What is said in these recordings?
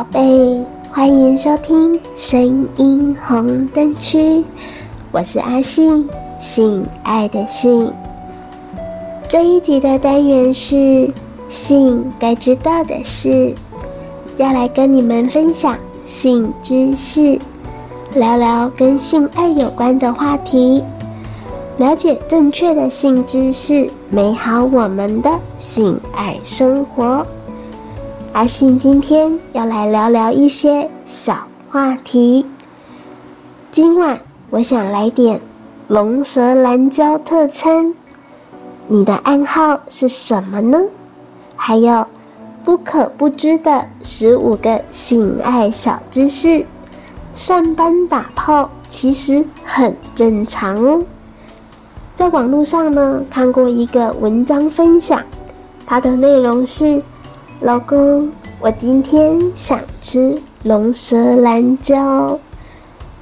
寶貝，歡迎收聽《聲音紅燈區》，我是阿信，性愛的性。這一集的單元是性該知道的事，要來跟你們分享性知識，聊聊跟性愛有關的話題，了解正確的性知識，美好我們的性愛生活。阿信今天要來聊聊一些小話題。今晚我想來點龍舌蘭椒特餐，你的暗號是什麼呢？還有不可不知的十五個性愛小知識。上班打炮其實很正常哦。在網絡上呢，看過一個文章分享，它的內容是。老公，我今天想吃龍舌蘭椒。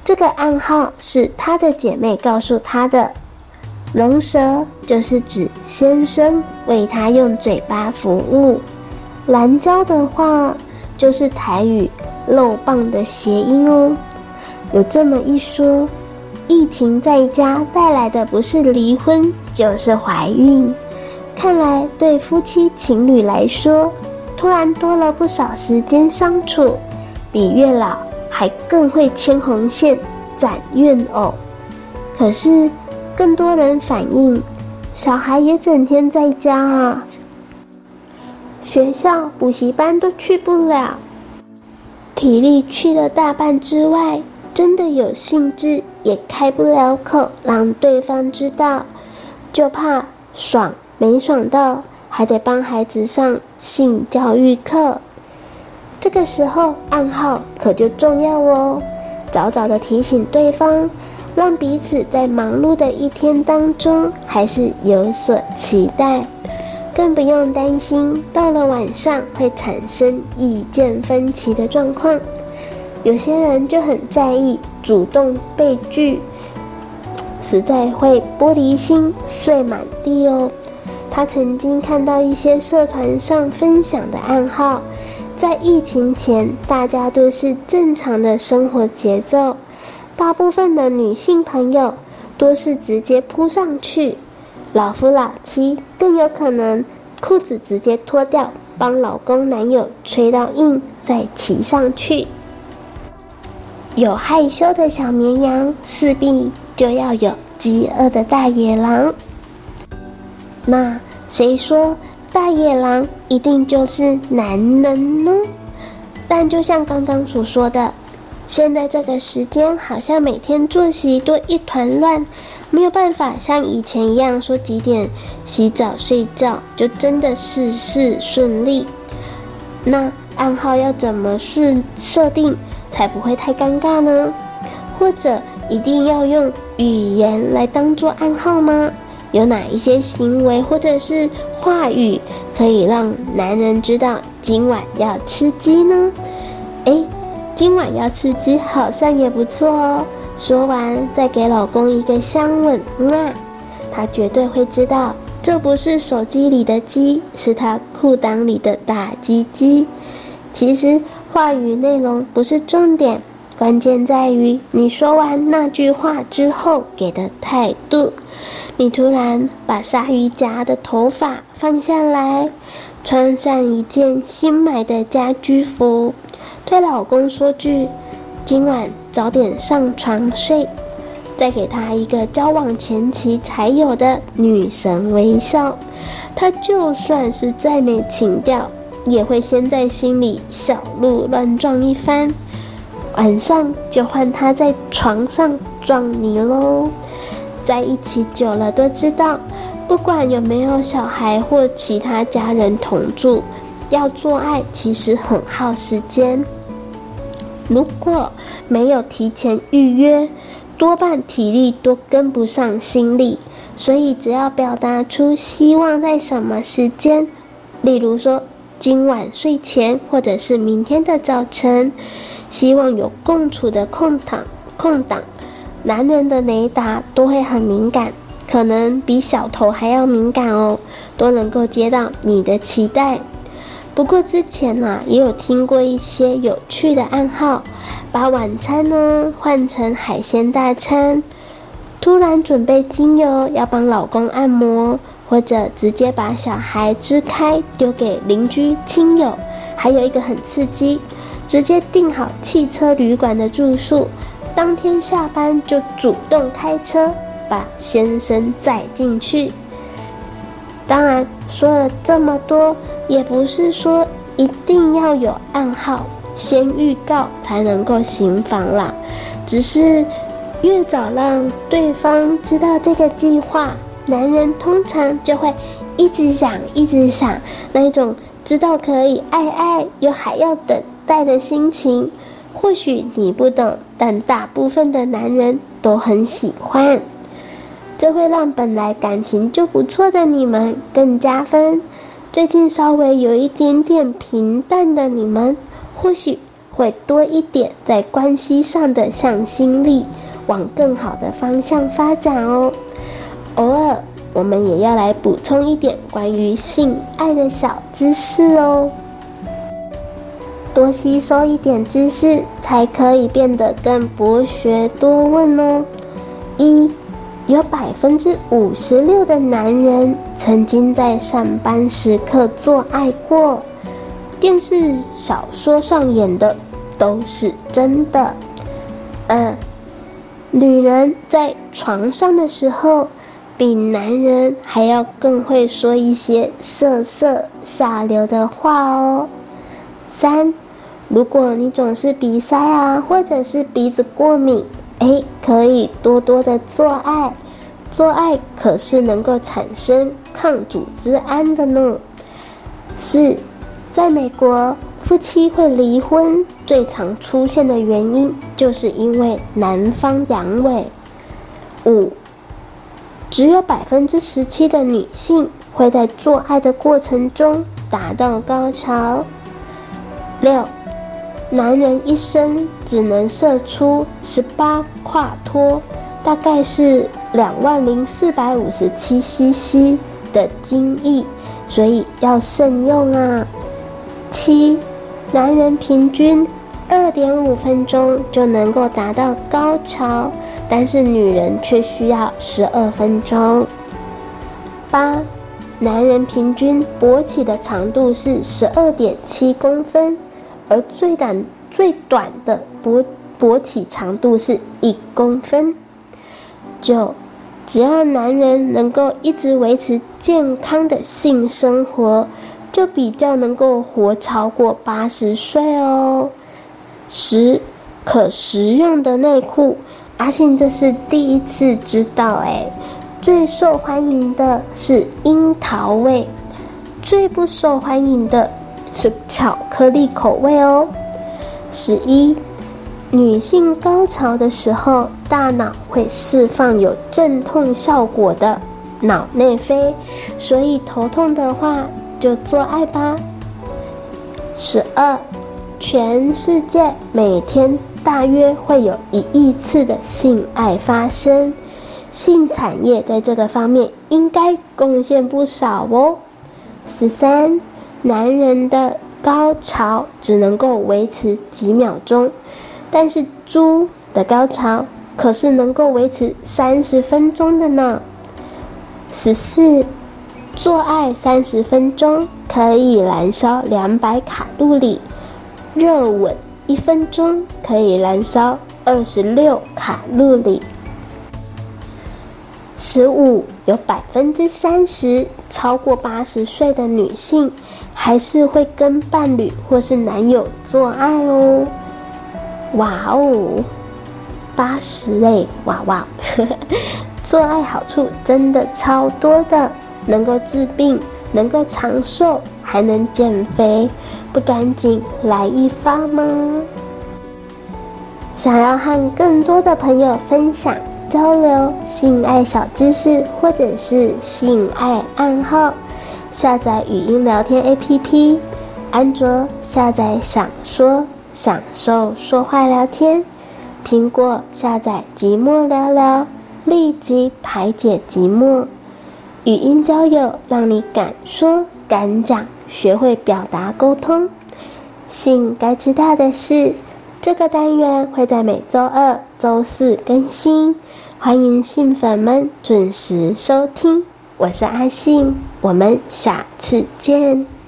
這個暗號是他的姐妹告訴他的。龍舌就是指先生為他用嘴巴服務，蘭椒的話就是台語“漏棒”的諧音哦。有這麼一說，疫情在家帶來的不是離婚，就是懷孕。看來對夫妻情侶來說。突然多了不少時間相處，比月老還更會牽紅線、斬怨偶。可是更多人反映，小孩也整天在家啊，學校補習班都去不了，體力去了大半之外，真的有興致也開不了口讓對方知道，就怕爽沒爽到。還得幫孩子上性教育課，這個時候暗號可就重要哦。早早的提醒對方，讓彼此在忙碌的一天當中還是有所期待，更不用擔心到了晚上會產生意見分歧的狀況。有些人就很在意主動被拒，實在會玻璃心碎滿地哦。他曾經看到一些社團上分享的暗號，在疫情前，大家都是正常的生活節奏，大部分的女性朋友都是直接撲上去，老夫老妻更有可能褲子直接脫掉，幫老公男友吹到硬再騎上去。有害羞的小綿羊，勢必就要有飢餓的大野狼。那誰說大野狼一定就是男人呢？但就像剛剛所說的，現在這個時間好像每天作息都一團亂，沒有辦法像以前一樣說幾點洗澡睡覺就真的事事順利。那暗號要怎麼設設定才不會太尷尬呢？或者一定要用語言來當做暗號嗎？有哪一些行為或者是話語可以讓男人知道今晚要吃雞呢？哎、欸，今晚要吃雞好像也不錯哦。說完，再給老公一個香吻啊，他絕對會知道，這不是手機裡的雞，是他褲襠裡的大雞雞。其實話語內容不是重點，關鍵在於你說完那句話之後給的態度。你突然把鯊魚夾的頭髮放下來，穿上一件新買的家居服，對老公說句：“今晚早點上床睡。”再給他一個交往前期才有的女神微笑，他就算是再沒情調，也會先在心裡小鹿亂撞一番。晚上就換他在床上撞你嘍。在一起久了都知道，不管有沒有小孩或其他家人同住，要做愛其實很耗時間。如果沒有提前預約，多半體力都跟不上心力，所以只要表達出希望在什麼時間，例如說今晚睡前或者是明天的早晨，希望有共處的空檔空檔。男人的雷達都會很敏感，可能比小頭還要敏感哦，都能夠接到你的期待。不過之前啊，也有聽過一些有趣的暗號，把晚餐呢換成海鮮大餐，突然準備精油要幫老公按摩，或者直接把小孩支開丟給鄰居親友，還有一個很刺激，直接訂好汽車旅館的住宿。當天下班就主動開車把先生載進去。當然，說了這麼多，也不是說一定要有暗號、先預告才能夠行房啦。只是，越早讓對方知道這個計劃，男人通常就會一直想、一直想，那一種知道可以愛愛又還要等待的心情。或許你不懂，但大部分的男人都很喜歡。這會讓本來感情就不錯的你們更加分。最近稍微有一點點平淡的你們，或許會多一點在關係上的向心力，往更好的方向發展哦。偶爾，我們也要來補充一點關於性愛的小知識哦。多吸收一點知識，才可以變得更博學多問哦。一，有百分之五十六的男人曾經在上班時刻做愛過。電視小說上演的都是真的。二，呃，女人在床上的時候，比男人還要更會說一些色色下流的話哦。三。如果你總是鼻塞啊，或者是鼻子過敏，哎、欸，可以多多的做愛。做愛可是能夠產生抗組織胺的呢。四，在美國，夫妻會離婚最常出現的原因，就是因為男方陽痿。五，只有百分之十七的女性會在做愛的過程中達到高潮。六。男人一生只能射出十八夸脫，大概是兩萬零四百五十七 cc 的精液，所以要慎用啊。七，男人平均二點五分鐘就能夠達到高潮，但是女人卻需要十二分鐘。八，男人平均勃起的長度是十二點七公分。而最短最短的勃勃起長度是一公分。九，只要男人能夠一直維持健康的性生活，就比較能夠活超過八十歲哦。十，可食用的內褲，阿信這是第一次知道哎。最受歡迎的是櫻桃味，最不受歡迎的。是巧克力口味哦。十一，女性高潮的時候，大腦會釋放有鎮痛效果的腦內啡，所以頭痛的話就做愛吧。十二，全世界每天大約會有一億次的性愛發生，性產業在這個方面應該貢獻不少哦。十三。男人的高潮只能夠維持幾秒鐘，但是豬的高潮可是能夠維持三十分鐘的呢。十四，做愛三十分鐘可以燃燒兩百卡路里，熱吻一分鐘可以燃燒二十六卡路里。十五，有百分之三十超過八十歲的女性。還是會跟伴侶或是男友做愛哦，哇哦，八十哎，哇哇呵呵，做愛好處真的超多的，能夠治病，能夠長壽，還能減肥，不趕緊來一發嗎？想要和更多的朋友分享、交流性愛小知識或者是性愛暗號。下載語音聊天 APP，安卓下載“想說享受說話聊天”，蘋果下載“寂寞聊聊”，立即排解寂寞。語音交友，讓你敢說敢講，學會表達溝通。性該知道的事，這個單元會在每週二、週四更新，歡迎性粉們準時收聽。我是阿信，我們下次見。